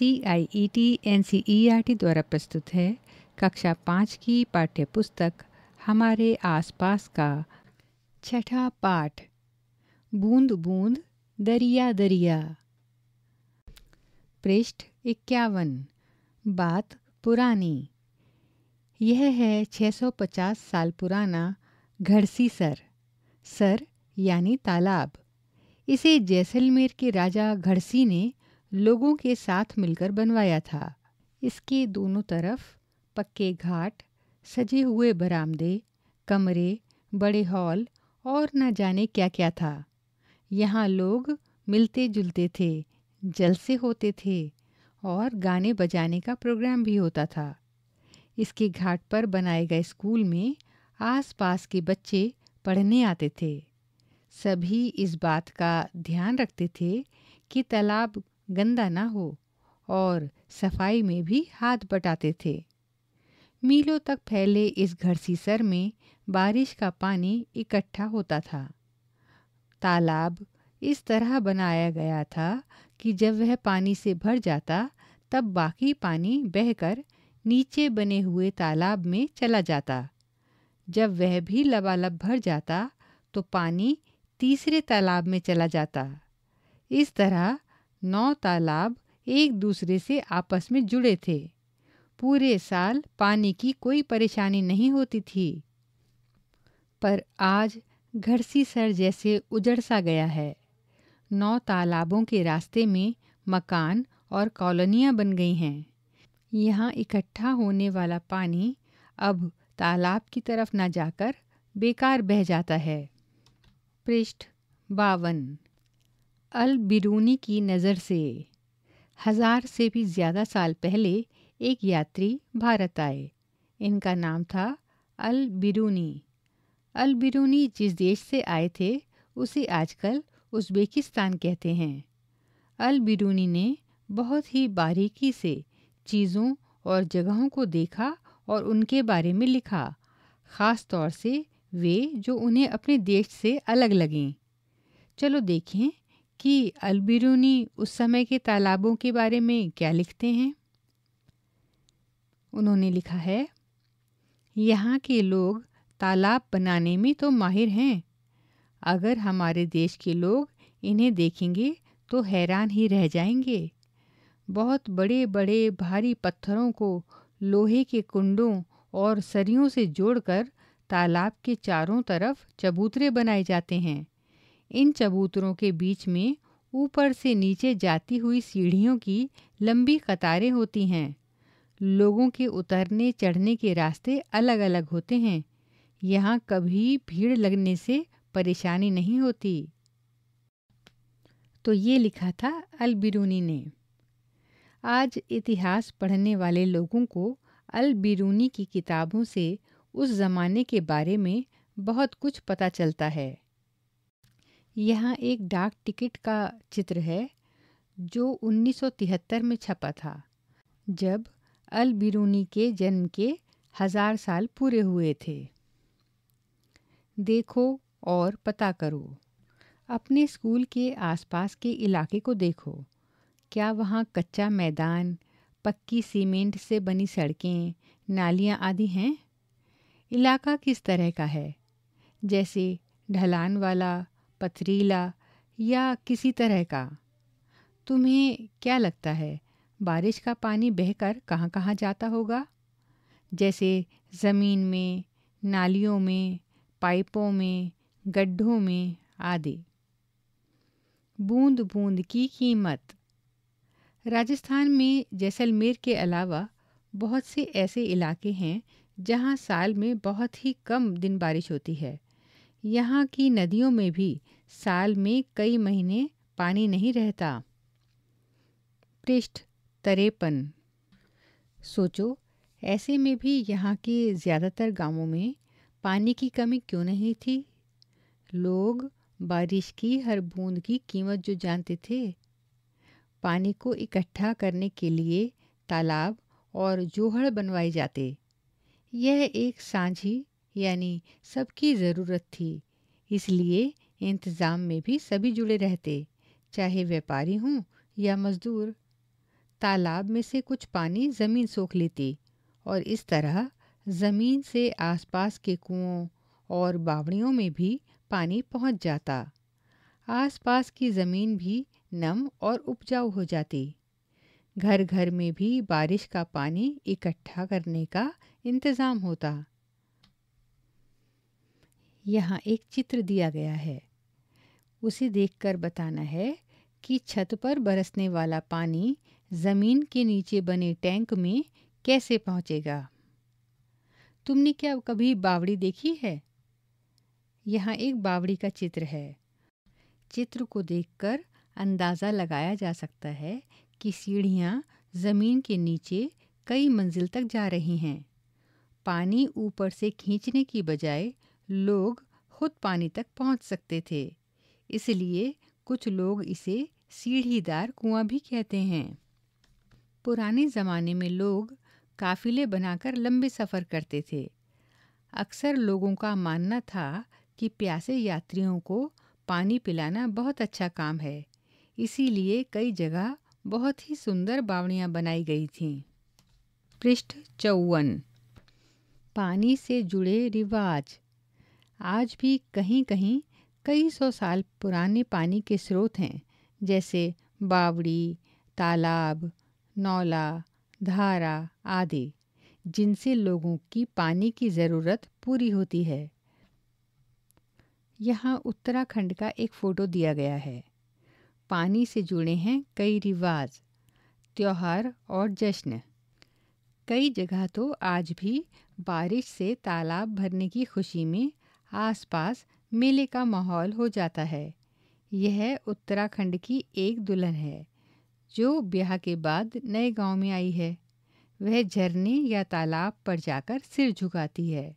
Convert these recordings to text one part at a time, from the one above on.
C I E T N C E R T द्वारा प्रस्तुत है कक्षा पाँच की पाठ्य पुस्तक हमारे आसपास का छठा पाठ बूंद बूंद दरिया दरिया पृष्ठ इक्यावन बात पुरानी यह है 650 साल पुराना घड़सी सर सर यानी तालाब इसे जैसलमेर के राजा घड़सी ने लोगों के साथ मिलकर बनवाया था इसके दोनों तरफ पक्के घाट सजे हुए बरामदे कमरे बड़े हॉल और न जाने क्या क्या था यहाँ लोग मिलते जुलते थे जलसे होते थे और गाने बजाने का प्रोग्राम भी होता था इसके घाट पर बनाए गए स्कूल में आसपास के बच्चे पढ़ने आते थे सभी इस बात का ध्यान रखते थे कि तालाब गंदा ना हो और सफाई में भी हाथ बटाते थे मीलों तक फैले इस सीसर में बारिश का पानी इकट्ठा होता था तालाब इस तरह बनाया गया था कि जब वह पानी से भर जाता तब बाकी पानी बहकर नीचे बने हुए तालाब में चला जाता जब वह भी लबालब भर जाता तो पानी तीसरे तालाब में चला जाता इस तरह नौ तालाब एक दूसरे से आपस में जुड़े थे पूरे साल पानी की कोई परेशानी नहीं होती थी पर आज घरसी सर जैसे उजड़ सा गया है नौ तालाबों के रास्ते में मकान और कॉलोनियाँ बन गई हैं यहाँ इकट्ठा होने वाला पानी अब तालाब की तरफ न जाकर बेकार बह जाता है पृष्ठ बावन अल बिरूनी की नज़र से हज़ार से भी ज़्यादा साल पहले एक यात्री भारत आए इनका नाम था अल बिरूनी अल बिरूनी जिस देश से आए थे उसे आजकल उज़्बेकिस्तान कहते हैं अल बिरूनी ने बहुत ही बारीकी से चीज़ों और जगहों को देखा और उनके बारे में लिखा ख़ास तौर से वे जो उन्हें अपने देश से अलग लगें चलो देखें कि अलबिरूनी उस समय के तालाबों के बारे में क्या लिखते हैं उन्होंने लिखा है यहाँ के लोग तालाब बनाने में तो माहिर हैं अगर हमारे देश के लोग इन्हें देखेंगे तो हैरान ही रह जाएंगे बहुत बड़े बड़े भारी पत्थरों को लोहे के कुंडों और सरियों से जोड़कर तालाब के चारों तरफ चबूतरे बनाए जाते हैं इन चबूतरों के बीच में ऊपर से नीचे जाती हुई सीढ़ियों की लंबी कतारें होती हैं लोगों के उतरने चढ़ने के रास्ते अलग अलग होते हैं यहाँ कभी भीड़ लगने से परेशानी नहीं होती तो ये लिखा था अलबिरूनी ने आज इतिहास पढ़ने वाले लोगों को अलबिरूनी की किताबों से उस ज़माने के बारे में बहुत कुछ पता चलता है यहाँ एक डाक टिकट का चित्र है जो 1973 में छपा था जब अल बिरूनी के जन्म के हजार साल पूरे हुए थे देखो और पता करो अपने स्कूल के आसपास के इलाके को देखो क्या वहाँ कच्चा मैदान पक्की सीमेंट से बनी सड़कें नालियाँ आदि हैं इलाका किस तरह का है जैसे ढलान वाला पथरीला या किसी तरह का तुम्हें क्या लगता है बारिश का पानी बहकर कहाँ कहाँ जाता होगा जैसे ज़मीन में नालियों में पाइपों में गड्ढों में आदि बूंद बूंद की कीमत राजस्थान में जैसलमेर के अलावा बहुत से ऐसे इलाके हैं जहाँ साल में बहुत ही कम दिन बारिश होती है यहाँ की नदियों में भी साल में कई महीने पानी नहीं रहता पृष्ठ तरेपन सोचो ऐसे में भी यहाँ के ज़्यादातर गांवों में पानी की कमी क्यों नहीं थी लोग बारिश की हर बूंद की कीमत जो जानते थे पानी को इकट्ठा करने के लिए तालाब और जोहड़ बनवाए जाते यह एक साझी यानी सबकी ज़रूरत थी इसलिए इंतज़ाम में भी सभी जुड़े रहते चाहे व्यापारी हों या मज़दूर तालाब में से कुछ पानी ज़मीन सोख लेती और इस तरह ज़मीन से आसपास के कुओं और बावड़ियों में भी पानी पहुंच जाता आसपास की ज़मीन भी नम और उपजाऊ हो जाती घर घर में भी बारिश का पानी इकट्ठा करने का इंतज़ाम होता यहाँ एक चित्र दिया गया है उसे देखकर बताना है कि छत पर बरसने वाला पानी ज़मीन के नीचे बने टैंक में कैसे पहुंचेगा? तुमने क्या कभी बावड़ी देखी है यहाँ एक बावड़ी का चित्र है चित्र को देखकर अंदाज़ा लगाया जा सकता है कि सीढ़ियाँ ज़मीन के नीचे कई मंजिल तक जा रही हैं पानी ऊपर से खींचने की बजाय लोग खुद पानी तक पहुंच सकते थे इसलिए कुछ लोग इसे सीढ़ीदार कुआं भी कहते हैं पुराने ज़माने में लोग काफ़िले बनाकर लंबे सफ़र करते थे अक्सर लोगों का मानना था कि प्यासे यात्रियों को पानी पिलाना बहुत अच्छा काम है इसीलिए कई जगह बहुत ही सुंदर बावड़ियाँ बनाई गई थीं पृष्ठ चौवन पानी से जुड़े रिवाज आज भी कहीं कहीं कई सौ साल पुराने पानी के स्रोत हैं जैसे बावड़ी तालाब नौला धारा आदि जिनसे लोगों की पानी की ज़रूरत पूरी होती है यहाँ उत्तराखंड का एक फ़ोटो दिया गया है पानी से जुड़े हैं कई रिवाज त्यौहार और जश्न कई जगह तो आज भी बारिश से तालाब भरने की खुशी में आसपास मेले का माहौल हो जाता है यह उत्तराखंड की एक दुल्हन है जो ब्याह के बाद नए गांव में आई है वह झरने या तालाब पर जाकर सिर झुकाती है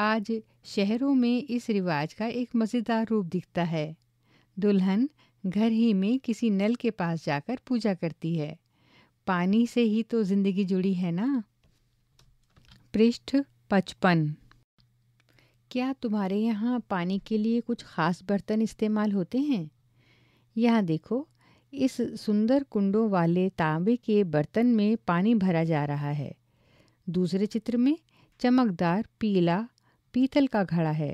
आज शहरों में इस रिवाज का एक मज़ेदार रूप दिखता है दुल्हन घर ही में किसी नल के पास जाकर पूजा करती है पानी से ही तो ज़िंदगी जुड़ी है ना पृष्ठ पचपन क्या तुम्हारे यहाँ पानी के लिए कुछ ख़ास बर्तन इस्तेमाल होते हैं यहाँ देखो इस सुंदर कुंडों वाले तांबे के बर्तन में पानी भरा जा रहा है दूसरे चित्र में चमकदार पीला पीतल का घड़ा है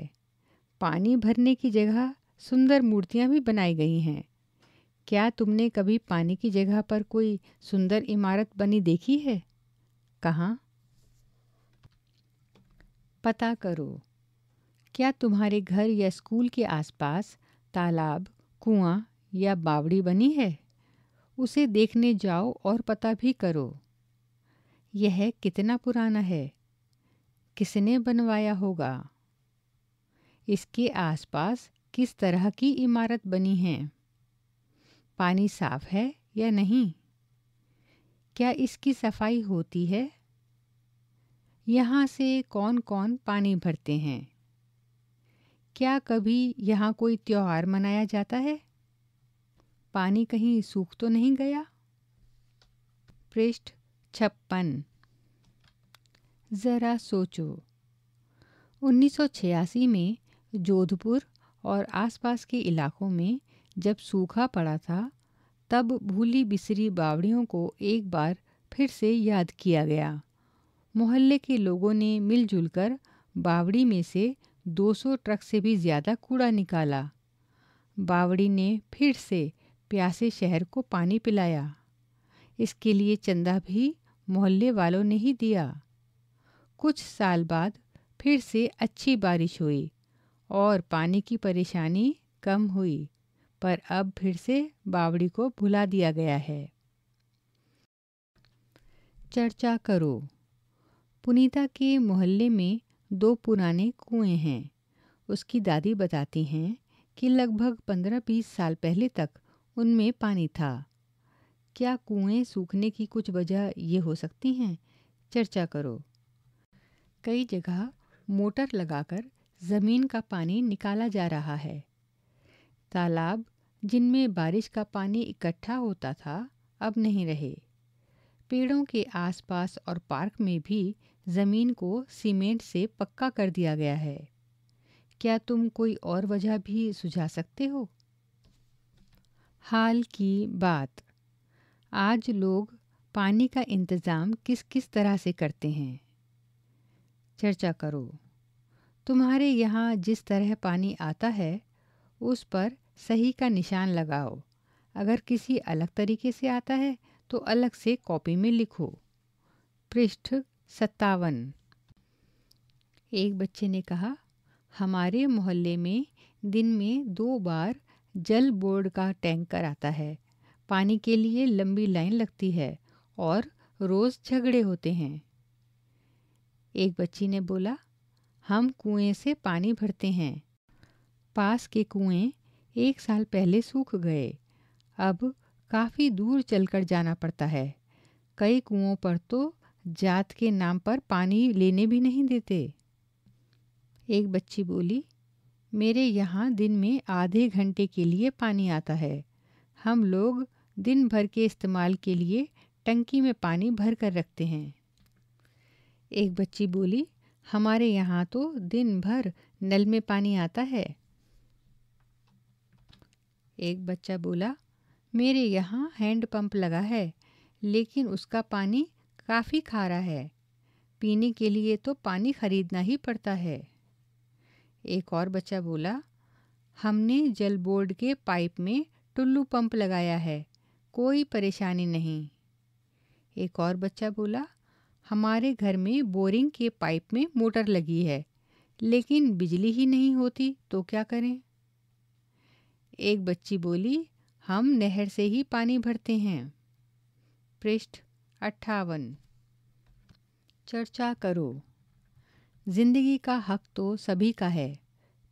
पानी भरने की जगह सुंदर मूर्तियाँ भी बनाई गई हैं क्या तुमने कभी पानी की जगह पर कोई सुंदर इमारत बनी देखी है कहाँ पता करो क्या तुम्हारे घर या स्कूल के आसपास तालाब कुआं या बावड़ी बनी है उसे देखने जाओ और पता भी करो यह कितना पुराना है किसने बनवाया होगा इसके आसपास किस तरह की इमारत बनी है पानी साफ है या नहीं क्या इसकी सफाई होती है यहाँ से कौन कौन पानी भरते हैं क्या कभी यहाँ कोई त्यौहार मनाया जाता है पानी कहीं सूख तो नहीं गया पृष्ठ छप्पन ज़रा सोचो 1986 में जोधपुर और आसपास के इलाकों में जब सूखा पड़ा था तब भूली बिसरी बावड़ियों को एक बार फिर से याद किया गया मोहल्ले के लोगों ने मिलजुल कर बावड़ी में से 200 ट्रक से भी ज़्यादा कूड़ा निकाला बावड़ी ने फिर से प्यासे शहर को पानी पिलाया इसके लिए चंदा भी मोहल्ले वालों ने ही दिया कुछ साल बाद फिर से अच्छी बारिश हुई और पानी की परेशानी कम हुई पर अब फिर से बावड़ी को भुला दिया गया है चर्चा करो पुनीता के मोहल्ले में दो पुराने कुएं हैं उसकी दादी बताती हैं कि लगभग पंद्रह बीस साल पहले तक उनमें पानी था क्या कुएं सूखने की कुछ वजह ये हो सकती हैं चर्चा करो कई जगह मोटर लगाकर ज़मीन का पानी निकाला जा रहा है तालाब जिनमें बारिश का पानी इकट्ठा होता था अब नहीं रहे पेड़ों के आसपास और पार्क में भी ज़मीन को सीमेंट से पक्का कर दिया गया है क्या तुम कोई और वजह भी सुझा सकते हो हाल की बात आज लोग पानी का इंतज़ाम किस किस तरह से करते हैं चर्चा करो तुम्हारे यहाँ जिस तरह पानी आता है उस पर सही का निशान लगाओ अगर किसी अलग तरीके से आता है तो अलग से कॉपी में लिखो पृष्ठ सत्तावन एक बच्चे ने कहा हमारे मोहल्ले में दिन में दो बार जल बोर्ड का टैंकर आता है पानी के लिए लंबी लाइन लगती है और रोज़ झगड़े होते हैं एक बच्ची ने बोला हम कुएं से पानी भरते हैं पास के कुएं एक साल पहले सूख गए अब काफ़ी दूर चलकर जाना पड़ता है कई कुओं पर तो जात के नाम पर पानी लेने भी नहीं देते एक बच्ची बोली मेरे यहाँ दिन में आधे घंटे के लिए पानी आता है हम लोग दिन भर के इस्तेमाल के लिए टंकी में पानी भर कर रखते हैं एक बच्ची बोली हमारे यहाँ तो दिन भर नल में पानी आता है एक बच्चा बोला मेरे यहाँ हैंड पंप लगा है लेकिन उसका पानी काफ़ी खारा है पीने के लिए तो पानी खरीदना ही पड़ता है एक और बच्चा बोला हमने जल बोर्ड के पाइप में टुल्लू पंप लगाया है कोई परेशानी नहीं एक और बच्चा बोला हमारे घर में बोरिंग के पाइप में मोटर लगी है लेकिन बिजली ही नहीं होती तो क्या करें एक बच्ची बोली हम नहर से ही पानी भरते हैं पृष्ठ अट्ठावन चर्चा करो जिंदगी का हक तो सभी का है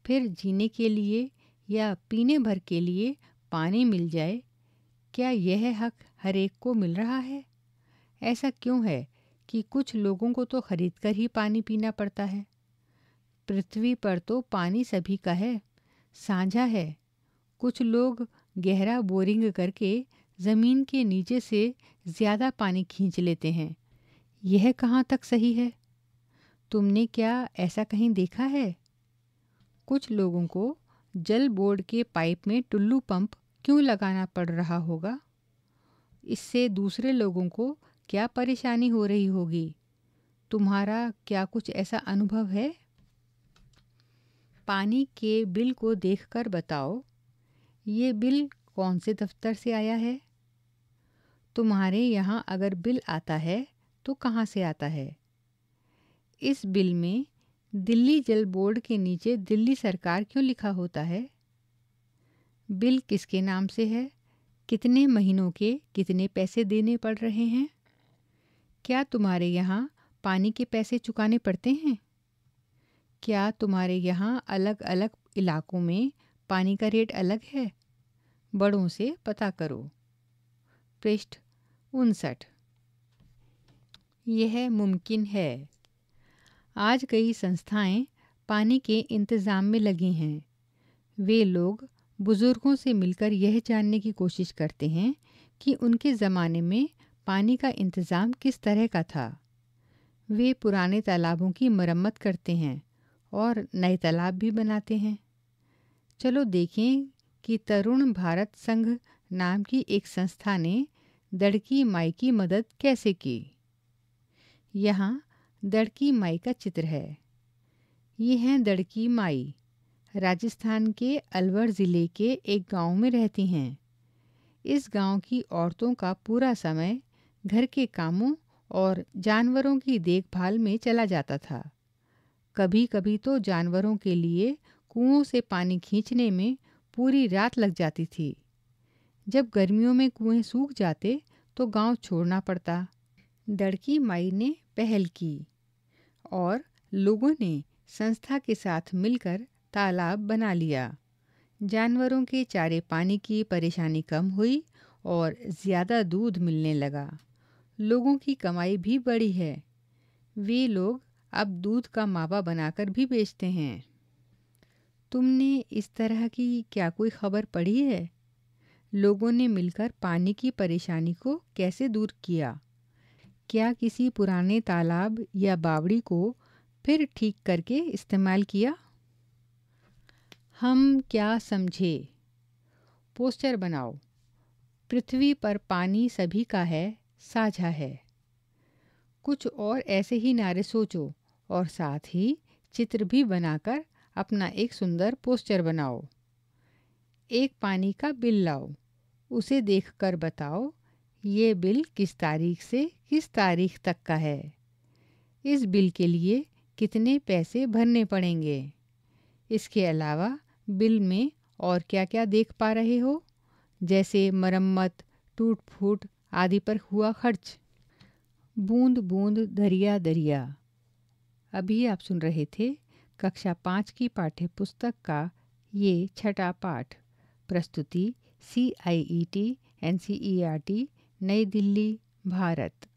फिर जीने के लिए या पीने भर के लिए पानी मिल जाए क्या यह हक हर एक को मिल रहा है ऐसा क्यों है कि कुछ लोगों को तो खरीद कर ही पानी पीना पड़ता है पृथ्वी पर तो पानी सभी का है साझा है कुछ लोग गहरा बोरिंग करके ज़मीन के नीचे से ज़्यादा पानी खींच लेते हैं यह कहाँ तक सही है तुमने क्या ऐसा कहीं देखा है कुछ लोगों को जल बोर्ड के पाइप में टुल्लू पंप क्यों लगाना पड़ रहा होगा इससे दूसरे लोगों को क्या परेशानी हो रही होगी तुम्हारा क्या कुछ ऐसा अनुभव है पानी के बिल को देखकर बताओ ये बिल कौन से दफ्तर से आया है तुम्हारे यहाँ अगर बिल आता है तो कहाँ से आता है इस बिल में दिल्ली जल बोर्ड के नीचे दिल्ली सरकार क्यों लिखा होता है बिल किसके नाम से है कितने महीनों के कितने पैसे देने पड़ रहे हैं क्या तुम्हारे यहाँ पानी के पैसे चुकाने पड़ते हैं क्या तुम्हारे यहाँ अलग अलग इलाकों में पानी का रेट अलग है बड़ों से पता करो पृष्ठ उनसठ यह मुमकिन है आज कई संस्थाएं पानी के इंतज़ाम में लगी हैं वे लोग बुज़ुर्गों से मिलकर यह जानने की कोशिश करते हैं कि उनके ज़माने में पानी का इंतज़ाम किस तरह का था वे पुराने तालाबों की मरम्मत करते हैं और नए तालाब भी बनाते हैं चलो देखें कि तरुण भारत संघ नाम की एक संस्था ने दड़की माई की मदद कैसे की यहाँ दड़की माई का चित्र है ये हैं दड़की माई राजस्थान के अलवर ज़िले के एक गांव में रहती हैं इस गांव की औरतों का पूरा समय घर के कामों और जानवरों की देखभाल में चला जाता था कभी कभी तो जानवरों के लिए कुओं से पानी खींचने में पूरी रात लग जाती थी जब गर्मियों में कुएं सूख जाते तो गांव छोड़ना पड़ता दड़की माई ने पहल की और लोगों ने संस्था के साथ मिलकर तालाब बना लिया जानवरों के चारे पानी की परेशानी कम हुई और ज़्यादा दूध मिलने लगा लोगों की कमाई भी बढ़ी है वे लोग अब दूध का मावा बनाकर भी बेचते हैं तुमने इस तरह की क्या कोई खबर पढ़ी है लोगों ने मिलकर पानी की परेशानी को कैसे दूर किया क्या किसी पुराने तालाब या बावड़ी को फिर ठीक करके इस्तेमाल किया हम क्या समझे पोस्टर बनाओ पृथ्वी पर पानी सभी का है साझा है कुछ और ऐसे ही नारे सोचो और साथ ही चित्र भी बनाकर अपना एक सुंदर पोस्टर बनाओ एक पानी का बिल लाओ उसे देखकर बताओ ये बिल किस तारीख से किस तारीख तक का है इस बिल के लिए कितने पैसे भरने पड़ेंगे इसके अलावा बिल में और क्या क्या देख पा रहे हो जैसे मरम्मत टूट फूट आदि पर हुआ खर्च बूंद बूंद दरिया दरिया अभी आप सुन रहे थे कक्षा पाँच की पाठ्य पुस्तक का ये छठा पाठ प्रस्तुति C I E T N C E R T नई दिल्ली भारत